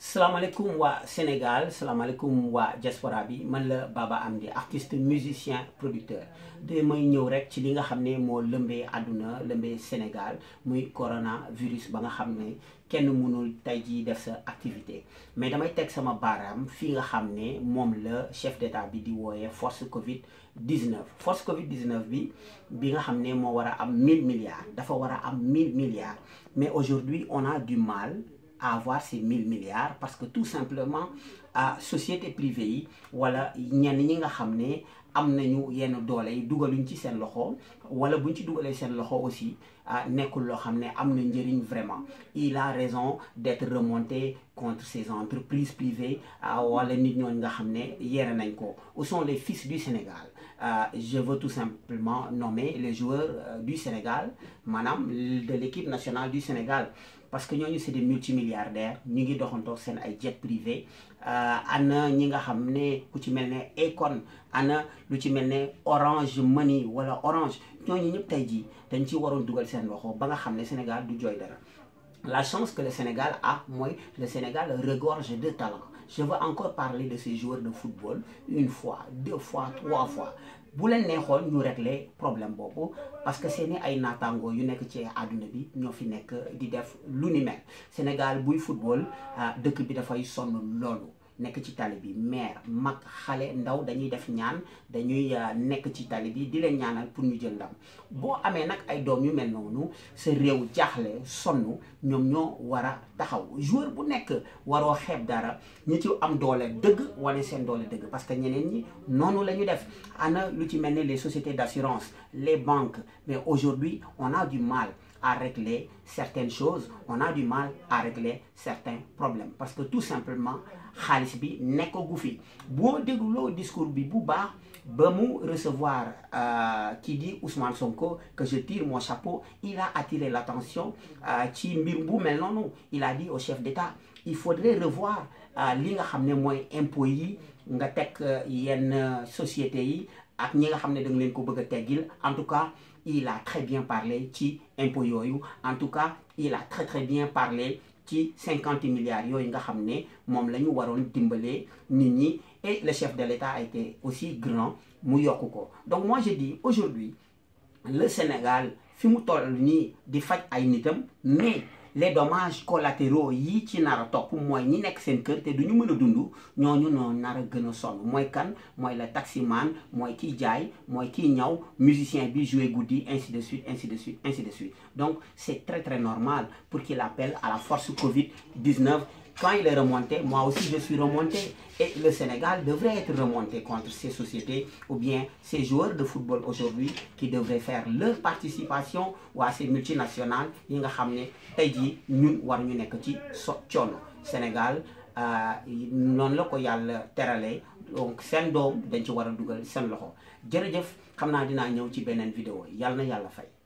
Salam alaikum wa Sénégal alaikum wa diaspora bi man la Baba amdi artiste musicien producteur de may ñëw rek ci li nga xamné mo lembé aduna, lembé Sénégal muy coronavirus ba nga xamné kenn mënul tey def sa activité mais damay tek sama baram fi nga xamné mom la chef d'état bi di woyé force Covid 19 force Covid 19 bi bi nga à mo wara am 1000 milliards dafa à am 1000 milliards mais aujourd'hui on a du mal à avoir ces 1000 milliards parce que tout simplement, à société privée voilà ñen ñi nga xamné ne am nañu yenn doole dugaluñ ci sen loxo wala buñ ci dugalé sen loxo aussi ah, nekkul lo xamné amna nous vraiment il a raison d'être remonté contre ces entreprises privées ah, wala nit ñoo nga xamné yéré nañ ko où sont les fils du Sénégal ah, je veux tout simplement nommer les joueurs euh, du Sénégal madame de l'équipe nationale du Sénégal parce que nous c'est des multimilliardaires ñu ngi doxantoo seen ay jet privé Euh, ana ñi nga xam ne ku ci mel ne Akon ana lu ci mel ne Orange Money wala Orange ñooñu ñëpp tey jii dañ ci waroon dugal seen loxo ba nga xam ne Sénégal du jooy dara la chance que le Sénégal a, moi, le Sénégal regorge de talents. Je veux encore parler de ces joueurs de football une fois, deux fois, trois fois. Si leen nous ñu régler problème parce que seeni ay naataangoo yu nekk ci àdduna bi ñoo fi nekk di def lu ni Le Sénégal le football ah, bi sonn lolo nek ci tali bi mère mak xalé ndaw dañuy def ñaan dañuy euh, nek ci di leen ñaanal pour ñu ay doom yu dara ñi am doole parce que ñeneen ñi def les sociétés d'assurance les banques mais aujourd'hui on a du mal à régler certaines choses on a du mal à régler certains problèmes parce que tout simplement xaalis bi nekkagu fi discours recevoir euh, Ousmane Sonko que je tire mon chapeau il a attiré l'attention euh, ci il a dit au chef d'État il faudrait revoir euh, li nga xam ne mooy nga yi ak en tout cas il a très bien parlé ci en tout cas il a très très bien parlé 50 milliards yooyu nga xamné mom lañu la de nit et le chef de l'État a été aussi grand mu donc moi je dis aujourd'hui le Sénégal fi mu toll ni di à ay nitam mais les dommages collatéraux yi ci nar a topp mooy ñi nekk seen kër te du ñu mën a dund ñooñu noo nar a kan qui la taximan moy ki jaay moy ki ñaw musicien bi jouer goudi ainsi de suite ainsi de suite ainsi de suite donc c'est très très normal pour qu'il appelle à la force Covid 19 quand il est remonté, moi aussi je suis remonté. Et le Sénégal devrait être remonté contre ces sociétés ou bien ces joueurs de football aujourd'hui qui devraient faire leur participation ou à ces multinationales. Nous le Sénégal, euh, non la ko yàlla teralee donc un doom dañ ci war a dugal seen loxo jërëjëf xam dina dinaa ñëw ci une vidéo yàlla na yàlla fay